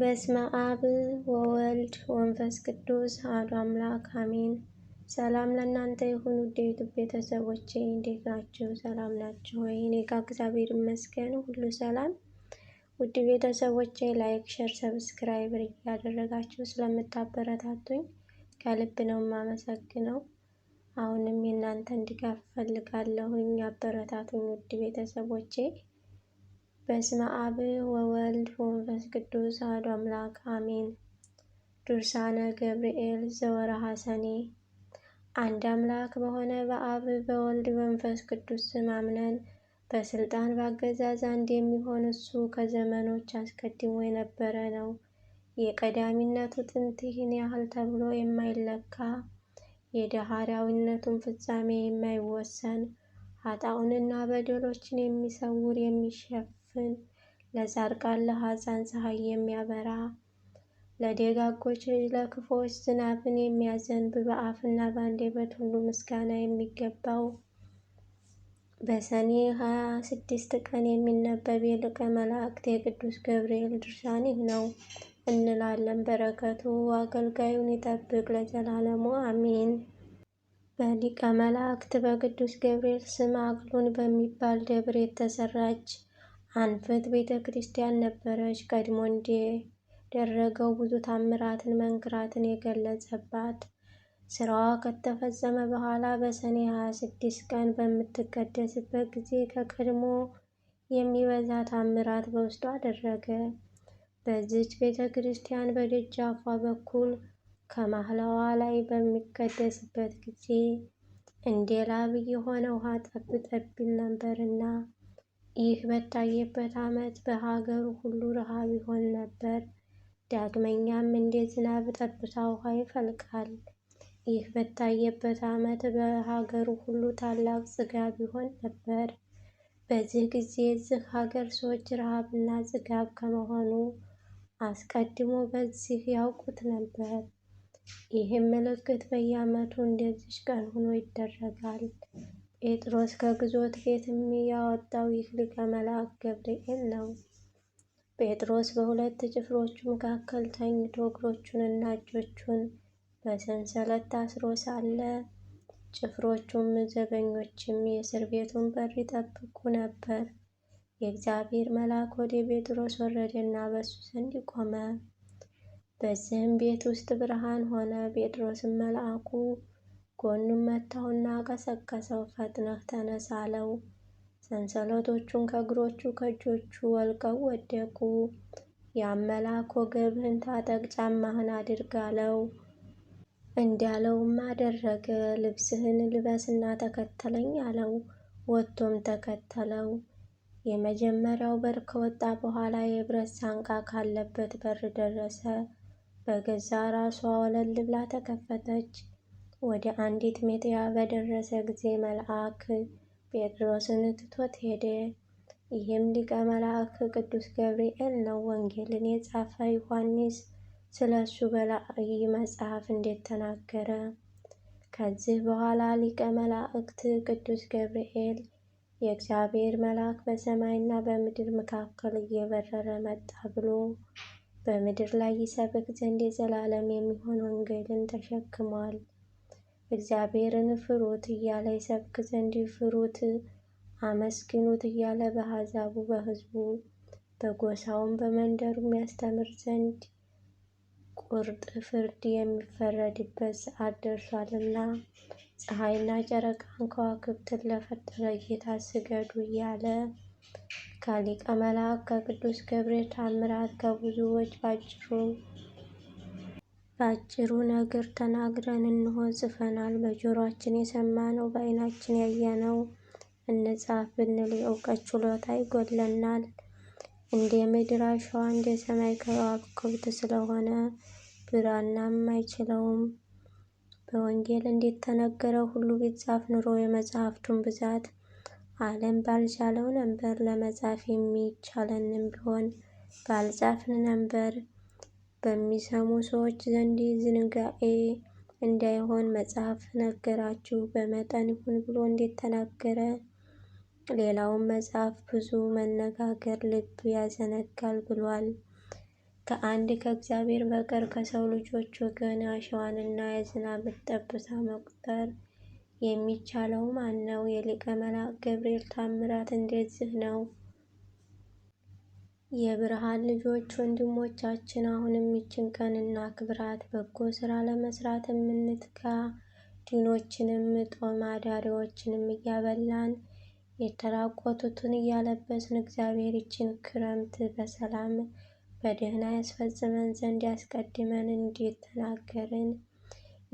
በስመ አብ ወወልድ ወንፈስ ቅዱስ አሐዱ አምላክ አሜን። ሰላም ለእናንተ ይሁን ውድ የዩቱብ ቤተሰቦቼ እንዴት ናችሁ? ሰላም ናችሁ ወይ? እኔ ጋር እግዚአብሔር ይመስገን ሁሉ ሰላም። ውድ ቤተሰቦቼ ላይክ፣ ሸር፣ ሰብስክራይብ እያደረጋችሁ ስለምታበረታቱኝ ከልብ ነው የማመሰግነው። አሁንም የእናንተን ድጋፍ እፈልጋለሁኝ። አበረታቱኝ ውድ ቤተሰቦቼ በስመ አብ ወወልድ ወመንፈስ ቅዱስ አሐዱ አምላክ አሜን። ድርሳነ ገብርኤል ዘወርሃ ሰኔ። አንድ አምላክ በሆነ በአብ በወልድ በመንፈስ ቅዱስ ስም አምነን በስልጣን በአገዛዝ አንድ የሚሆን እሱ ከዘመኖች አስቀድሞ የነበረ ነው። የቀዳሚነቱ ጥንት ይህን ያህል ተብሎ የማይለካ የዳህሪያዊነቱን ፍጻሜ የማይወሰን ኃጥአንና በደሎችን የሚሰውር የሚሸፍን ለጻድቃን ለኀጥአን ፀሐይ የሚያበራ ለደጋጎች ለክፉዎች ዝናብን የሚያዘንብ በአፍና በአንደበት ሁሉ ምስጋና የሚገባው በሰኔ 26 ቀን የሚነበብ የሊቀ መላእክት የቅዱስ ገብርኤል ድርሳን ይህ ነው እንላለን። በረከቱ አገልጋዩን ይጠብቅ ለዘላለሙ አሚን። በሊቀ መላእክት በቅዱስ ገብርኤል ስም አክሉን በሚባል ደብር የተሰራች አንፍት ቤተ ክርስቲያን ነበረች። ቀድሞ እንደደረገው ብዙ ታምራትን መንክራትን የገለጸባት። ስራዋ ከተፈጸመ በኋላ በሰኔ 26 ቀን በምትቀደስበት ጊዜ ከቀድሞ የሚበዛ ታምራት በውስጡ አደረገ። በዚች ቤተ ክርስቲያን በደጃፏ በኩል ከማህላዋ ላይ በሚቀደስበት ጊዜ እንደ ላብ የሆነ ውሃ ጠብ ጠብ ይል ነበርና ይህ በታየበት ዓመት በሀገሩ ሁሉ ረሃብ ይሆን ነበር። ዳግመኛም እንደ ዝናብ ጠብታ ውሃ ይፈልቃል። ይህ በታየበት ዓመት በሀገሩ ሁሉ ታላቅ ጽጋብ ይሆን ነበር። በዚህ ጊዜ የዚህ ሀገር ሰዎች ረሃብና ጽጋብ ከመሆኑ አስቀድሞ በዚህ ያውቁት ነበር። ይህም ምልክት በየዓመቱ እንደዚች ቀን ሆኖ ይደረጋል። ጴጥሮስ ከግዞት ቤትም ያወጣው ይህ ሊቀ መልአክ ገብርኤል ነው። ጴጥሮስ በሁለት ጭፍሮቹ መካከል ተኝቶ እግሮቹንና እጆቹን በሰንሰለት ታስሮ ሳለ ጭፍሮቹም ዘበኞችም የእስር ቤቱን በር ይጠብቁ ነበር። የእግዚአብሔር መልአክ ወደ ጴጥሮስ ወረደና በእሱ ዘንድ ቆመ። በዚህም ቤት ውስጥ ብርሃን ሆነ። ጴጥሮስም መልአኩ ጎኑን መታውና ቀሰቀሰው፣ ፈጥነህ ተነስ አለው። ሰንሰለቶቹን ከእግሮቹ ከእጆቹ ወልቀው ወደቁ። ያም መልአክ ወገብህን ታጠቅ፣ ጫማህን አድርግ አለው። እንዳለውም አደረገ። ልብስህን ልበስና ተከተለኝ አለው። ወጥቶም ተከተለው። የመጀመሪያው በር ከወጣ በኋላ የብረት ሳንቃ ካለበት በር ደረሰ። በገዛ ራሷ ወለል ብላ ተከፈተች። ወደ አንዲት ሜጥያ በደረሰ ጊዜ መልአክ ጴጥሮስን ትቶት ሄደ። ይህም ሊቀ መልአክ ቅዱስ ገብርኤል ነው። ወንጌልን የጻፈ ዮሐንስ ስለ እሱ በራእይ መጽሐፍ እንዴት ተናገረ? ከዚህ በኋላ ሊቀ መላእክት ቅዱስ ገብርኤል የእግዚአብሔር መልአክ በሰማይና በምድር መካከል እየበረረ መጣ ብሎ በምድር ላይ ይሰብክ ዘንድ የዘላለም የሚሆን ወንጌልን ተሸክሟል። እግዚአብሔርን ፍሩት እያለ ይሰብክ ዘንድ ፍሩት፣ አመስግኑት እያለ በአሕዛቡ በሕዝቡ በጎሳውም በመንደሩም ያስተምር ዘንድ ቁርጥ ፍርድ የሚፈረድበት ሰዓት ደርሷልና ፀሐይና ጨረቃን ከዋክብትን ለፈጠረ ጌታ ስገዱ እያለ ከሊቀ መላእክት ከቅዱስ ገብርኤል ታምራት ከብዙዎች ባጭሩ ባጭሩ ነገር ተናግረን እንሆ ጽፈናል። በጆሯችን የሰማነው በዓይናችን ያየነው እንጻፍ ብንል የእውቀት ችሎታ ይጎድለናል። እንደ ምድር አሸዋ እንደ ሰማይ ከዋክብት ስለሆነ ብራናም አይችለውም። በወንጌል ተነገረ ሁሉ ቢጻፍ ኑሮ የመጽሐፍቱን ብዛት ዓለም ባልቻለው ነበር ለመጻፍ የሚቻለንም ቢሆን ባልጻፍን ነበር። በሚሰሙ ሰዎች ዘንድ ዝንጋኤ እንዳይሆን መጽሐፍ ነገራችሁ በመጠን ይሁን ብሎ እንዴት ተናገረ? ሌላውም መጽሐፍ ብዙ መነጋገር ልብ ያዘነጋል ብሏል። ከአንድ ከእግዚአብሔር በቀር ከሰው ልጆች ወገን አሸዋንና የዝናብ ጠብታ መቁጠር የሚቻለው ማነው? የሊቀ መላእክት ገብርኤል ታምራት እንደዚህ ነው። የብርሃን ልጆች ወንድሞቻችን አሁንም ይችን ቀን እናክብራት፣ በጎ ስራ ለመስራት የምንትጋ ድኖችንም ጦም አዳሪዎችንም እያበላን የተራቆቱትን እያለበስን እግዚአብሔር ይችን ክረምት በሰላም በደህና ያስፈጽመን ዘንድ ያስቀድመን እንዴት ተናገርን።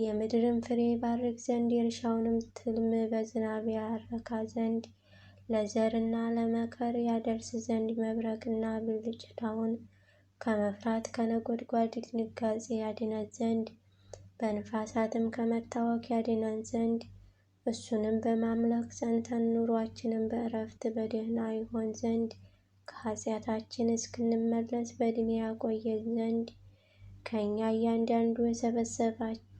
የምድርን ፍሬ ባርክ ዘንድ የእርሻውንም ትልም በዝናብ ያረካ ዘንድ ለዘርና ለመከር ያደርስ ዘንድ መብረቅና ብልጭታውን ከመፍራት ከነጎድጓድ ድንጋጼ ያድነት ዘንድ በንፋሳትም ከመታወክ ያድነን ዘንድ እሱንም በማምለክ ጸንተን ኑሯችንም በእረፍት በደህና ይሆን ዘንድ ከኃጢአታችን እስክንመለስ በድኔ ያቆየን ዘንድ ከእኛ እያንዳንዱ የሰበሰባቸው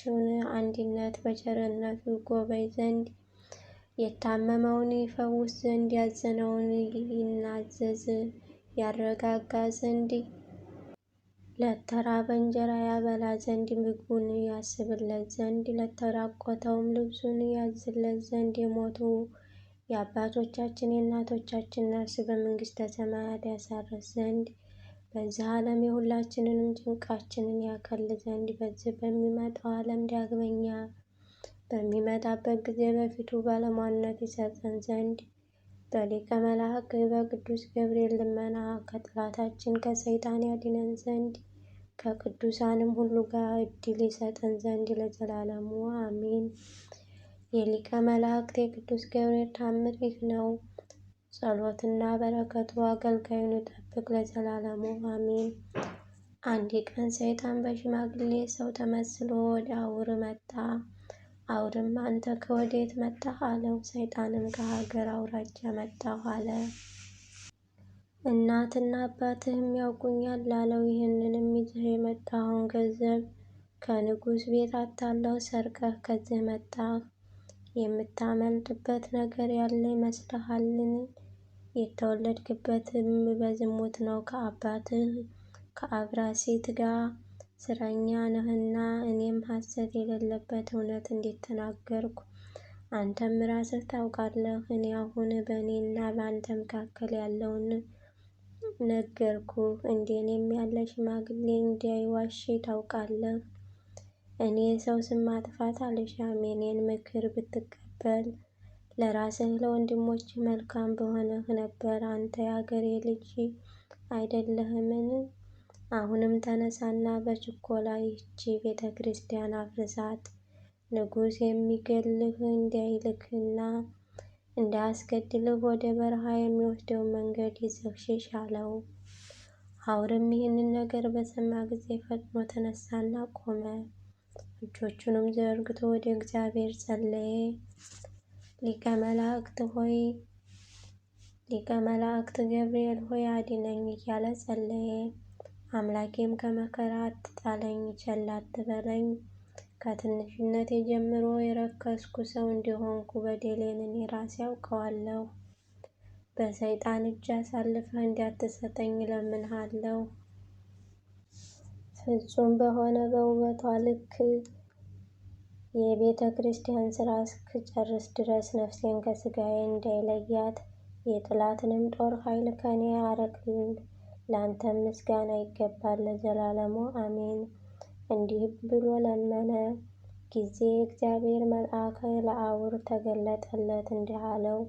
ያላቸውን አንድነት በቸርነቱ ይጎበኝ ዘንድ የታመመውን ይፈውስ ዘንድ ያዘነውን ይናዘዝ ያረጋጋ ዘንድ ለተራበ እንጀራ ያበላ ዘንድ ምግቡን ያስብለት ዘንድ ለተራቆተውም ልብሱን ያዝለት ዘንድ የሞቱ የአባቶቻችን የእናቶቻችን ነፍስ በመንግሥተ ሰማያት ያሳርፍ ዘንድ በዚህ ዓለም የሁላችንንም ጭንቃችንን ያከል ዘንድ በዚህ በሚመጣው ዓለም ዳግመኛ በሚመጣበት ጊዜ በፊቱ ባለሟነት ይሰጠን ዘንድ በሊቀ መላእክት በቅዱስ ገብርኤል ልመና ከጥላታችን ከሰይጣን ያድነን ዘንድ ከቅዱሳንም ሁሉ ጋር እድል ይሰጠን ዘንድ ለዘላለሙ አሚን። የሊቀ መላእክት የቅዱስ ገብርኤል ታምር ይህ ነው። ጸሎትና በረከቱ አገልጋዩን ይጠብቅ ለዘላለሙ አሚን። አንድ ቀን ሰይጣን በሽማግሌ ሰው ተመስሎ ወደ አውር መጣ። አውርም አንተ ከወዴት መጣህ አለው። ሰይጣንም ከሀገር አውራጃ መጣሁ አለ። እናትና አባትህም ያውቁኛል ላለው ይህንንም ይዘህ የመጣኸውን ገንዘብ ከንጉሥ ቤት አታለው ሰርቀህ ከዚህ መጣህ። የምታመልጥበት ነገር ያለ ይመስልሃልን? የተወለድክበትም በዝሙት ነው ከአባትህ ከአብራ ሴት ጋር ስረኛ ነህና እኔም ሐሰት የሌለበት እውነት እንዴት ተናገርኩ? አንተም ራስህ ታውቃለህ። እኔ አሁን በእኔና በአንተ መካከል ያለውን ነገርኩ! እንደ እኔም ያለ ሽማግሌ እንዳይዋሽ ታውቃለህ። እኔ የሰው ስም ማጥፋት አልሻም። የኔን ምክር ብትቀበል ለራስህ ለወንድሞች መልካም በሆነህ ነበር። አንተ የአገሬ ልጅ አይደለህምን? አሁንም ተነሳና በችኮላ ይህቺ ቤተ ክርስቲያን አፍርሳት፣ ንጉሥ የሚገልህ እንዳይልክና እንዳያስገድልህ ወደ በረሃ የሚወስደው መንገድ ይዘህ ሽሽ አለው። አውርም ይህንን ነገር በሰማ ጊዜ ፈጥኖ ተነሳና ቆመ። እጆቹንም ዘርግቶ ወደ እግዚአብሔር ጸለየ። ሊቀ መላእክት ሆይ ሊቀ መላእክት ገብርኤል ሆይ አድነኝ እያለ ጸለየ። አምላኬም ከመከራ አትጣለኝ፣ ቸል አትበለኝ። ከትንሽነቴ ጀምሮ የረከስኩ ሰው እንዲሆንኩ በደሌን እኔ ራሴ ያውቀዋለሁ። በሰይጣን እጅ አሳልፈህ እንዲያትሰጠኝ እለምንሃለሁ። ፍጹም በሆነ በውበቷ ልክ የቤተ ክርስቲያን ሥራ እስክጨርስ ድረስ ነፍሴን ከሥጋዬ እንዳይለያት የጥላትንም ጦር ኃይል ከኔ አርቅልኝ። ለአንተም ምስጋና ይገባል ለዘላለሙ አሜን። እንዲህ ብሎ ለመነ። ጊዜ እግዚአብሔር መልአከ ለአውር ተገለጠለት እንዲህ አለው፣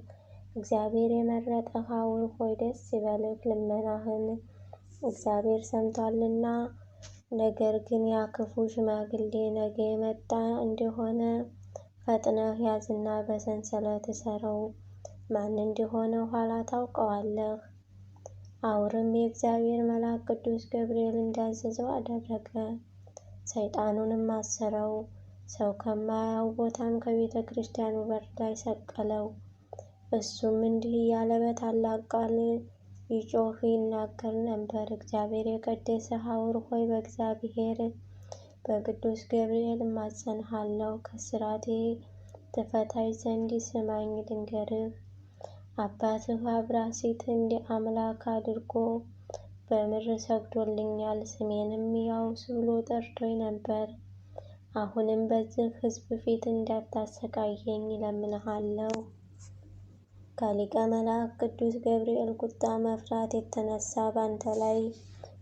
እግዚአብሔር የመረጠህ አውር ሆይ ደስ ይበልህ፣ ልመናህን እግዚአብሔር ሰምቷልና ነገር ግን ያ ክፉ ሽማግሌ ነገ የመጣ እንደሆነ ፈጥነህ ያዝና በሰንሰለት እሰረው፣ ማን እንደሆነ ኋላ ታውቀዋለህ። አውርም የእግዚአብሔር መልአክ ቅዱስ ገብርኤል እንዳዘዘው አደረገ። ሰይጣኑንም አሰረው፣ ሰው ከማያው ቦታም ከቤተ ክርስቲያኑ በር ላይ ሰቀለው። እሱም እንዲህ እያለ በታላቅ ቃል ይጮህ ይናገር ነበር። እግዚአብሔር የቀደሰ ሐውር ሆይ በእግዚአብሔር በቅዱስ ገብርኤል እማጸንሃለሁ፣ ከስራቴ ትፈታኝ ዘንድ ስማኝ ልንገርህ። አባትህ አብራሲት እንዲ አምላክ አድርጎ በምድር ሰግዶልኛል፣ ስሜንም ያውስ ብሎ ጠርቶኝ ነበር። አሁንም በዚህ ሕዝብ ፊት እንዳታሰቃየኝ እለምንሃለሁ። ከሊቀ መልአክ ቅዱስ ገብርኤል ቁጣ መፍራት የተነሳ ባንተ ላይ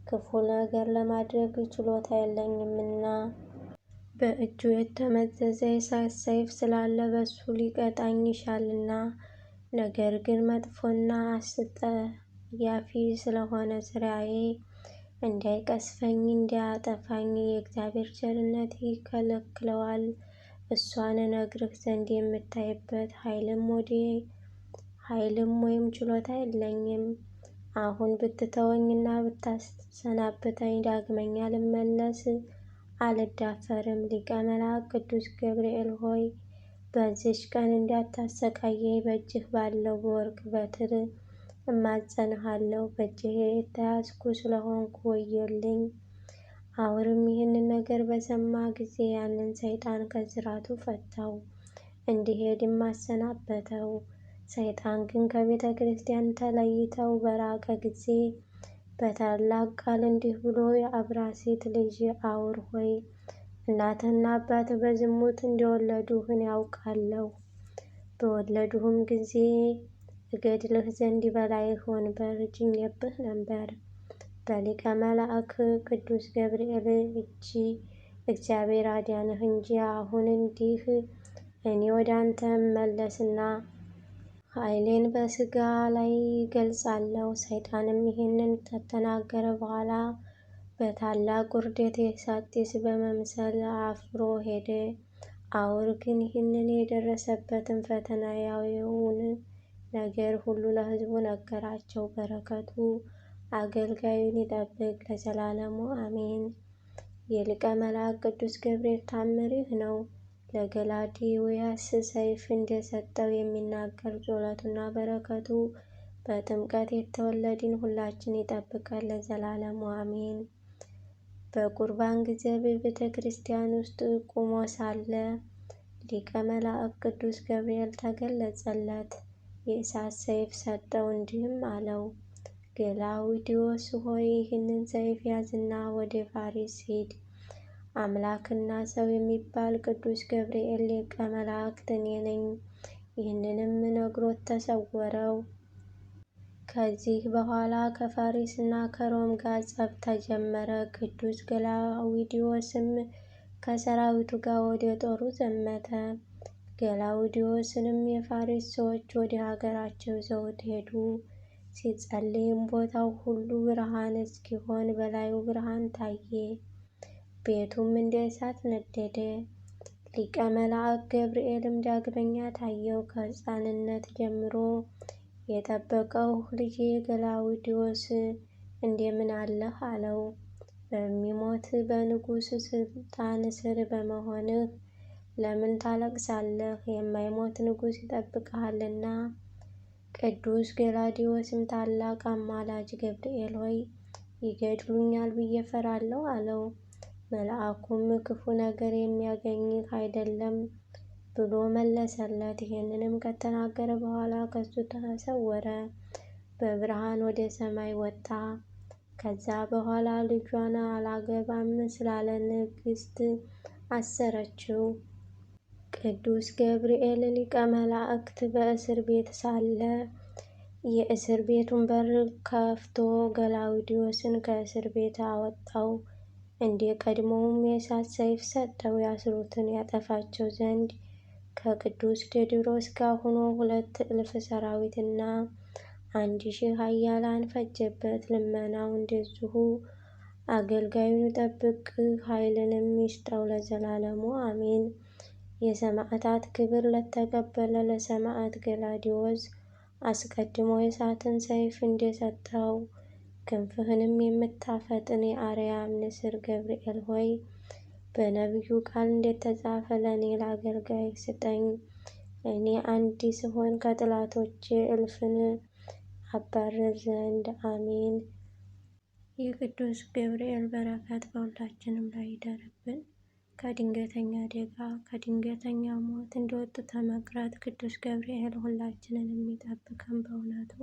ክፉ ነገር ለማድረግ ችሎታ የለኝምና በእጁ የተመዘዘ የእሳት ሰይፍ ስላለ በሱ ሊቀጣኝ ይሻልና፣ ነገር ግን መጥፎና አስጠያፊ ስለሆነ ስራዬ እንዳይቀስፈኝ እንዳያጠፋኝ የእግዚአብሔር ቸርነት ይከለክለዋል። እሷን እነግርህ ዘንድ የምታይበት ኃይልም ወዴ ኃይልም ወይም ችሎታ የለኝም። አሁን ብትተወኝና ብታሰናብተኝ ዳግመኛ ልመለስ አልዳፈርም። ሊቀ መላእክት ቅዱስ ገብርኤል ሆይ በዚች ቀን እንዳታሰቃየኝ በእጅህ ባለው በወርቅ በትር እማጸንሃለሁ። በእጅህ የተያዝኩ ስለሆንኩ ወዮልኝ። አውርም ይህንን ነገር በሰማ ጊዜ ያንን ሰይጣን ከስራቱ ፈታው፣ እንዲሄድም አሰናበተው። ሰይጣን ግን ከቤተ ክርስቲያን ተለይተው በራቀ ጊዜ በታላቅ ቃል እንዲህ ብሎ የአብራ ሴት ልጅ አውር ሆይ እናትና አባት በዝሙት እንደወለዱህን ያውቃለሁ። በወለዱህም ጊዜ እገድልህ ዘንድ በላይህ ወንበር ጭኜብህ ነበር። በሊቀ መላእክ ቅዱስ ገብርኤል እጅ እግዚአብሔር አዳነህ እንጂ አሁን እንዲህ እኔ ወደ አንተ ኃይሌን በሥጋ ላይ እገልጻለሁ። ሰይጣንም ይህንን ከተናገረ በኋላ በታላቅ ውርደት የሳጢስ በመምሰል አፍሮ ሄደ። አውር ግን ይህንን የደረሰበትን ፈተና ያየውን ነገር ሁሉ ለሕዝቡ ነገራቸው። በረከቱ አገልጋዩን ይጠብቅ ለዘላለሙ አሜን። የሊቀ መልአክ ቅዱስ ገብርኤል ታምር ይህ ነው። ለገላውዴዎስ ሰይፍ እንደሰጠው የሚናገር ጸሎቱና በረከቱ በጥምቀት የተወለድን ሁላችን ይጠብቃል ለዘላለሙ አሜን። በቁርባን ጊዜ በቤተ ክርስቲያን ውስጥ ቁሞ ሳለ ሊቀ መላእክት ቅዱስ ገብርኤል ተገለጸለት፣ የእሳት ሰይፍ ሰጠው፣ እንዲህም አለው፦ ገላውዴዎስ ሆይ ይህንን ሰይፍ ያዝና ወደ ፋሪስ ሂድ አምላክና ሰው የሚባል ቅዱስ ገብርኤል ሊቀ መላእክት እኔ ነኝ። ይህንንም ነግሮት ተሰወረው። ከዚህ በኋላ ከፋሪስ እና ከሮም ጋር ጸብ ተጀመረ። ቅዱስ ገላውዲዮስም ከሰራዊቱ ጋር ወደ ጦሩ ዘመተ። ገላውዲዮስንም የፋሪስ ሰዎች ወደ ሀገራቸው ዘውት ሄዱ። ሲጸልይም ቦታው ሁሉ ብርሃን እስኪሆን በላዩ ብርሃን ታየ። ቤቱም እንደ እሳት ነደደ። ሊቀ መላእክት ገብርኤልም ዳግመኛ ታየው። ከሕፃንነት ጀምሮ የጠበቀው ልጄ ገላውዲዮስ እንደምን አለህ አለው። በሚሞት በንጉሥ ስልጣን ስር በመሆንህ ለምን ታለቅሳለህ? የማይሞት ንጉሥ ይጠብቅሃልና። ቅዱስ ገላውዲዮስም ታላቅ አማላጅ ገብርኤል ሆይ ይገድሉኛል ብዬ ፈራለሁ አለው። መልአኩም ክፉ ነገር የሚያገኝህ አይደለም ብሎ መለሰለት። ይህንንም ከተናገረ በኋላ ከሱ ተሰወረ፣ በብርሃን ወደ ሰማይ ወጣ። ከዛ በኋላ ልጇን አላገባም ስላለ ንግስት አሰረችው። ቅዱስ ገብርኤል ሊቀ መላእክት በእስር ቤት ሳለ የእስር ቤቱን በር ከፍቶ ገላውዲዮስን ከእስር ቤት አወጣው። እንደ ቀድሞውም የእሳት ሰይፍ ሰጠው ያስሩትን ያጠፋቸው ዘንድ። ከቅዱስ ቴዎድሮስ ጋር ሆኖ ሁለት እልፍ ሰራዊትና አንድ ሺህ ኃያላን ፈጀበት። ልመናው እንደዚሁ አገልጋዩን ጠብቅ ኃይልንም ይስጠው ለዘላለሙ አሜን። የሰማዕታት ክብር ለተቀበለ ለሰማዕት ገላዲዎስ አስቀድሞ የእሳትን ሰይፍ እንደሰጠው ክንፍህንም የምታፈጥን የአርያም ንስር ገብርኤል ሆይ በነቢዩ ቃል እንደተጻፈ ለእኔ ለአገልጋይ ስጠኝ። እኔ አንድ ስሆን ከጥላቶች እልፍን አባረር ዘንድ አሜን። የቅዱስ ገብርኤል በረከት በሁላችንም ላይ ይደርብን። ከድንገተኛ አደጋ ከድንገተኛ ሞት እንደወጡ ተመቅረት ቅዱስ ገብርኤል ሁላችንን የሚጠብቀን በእውነቱ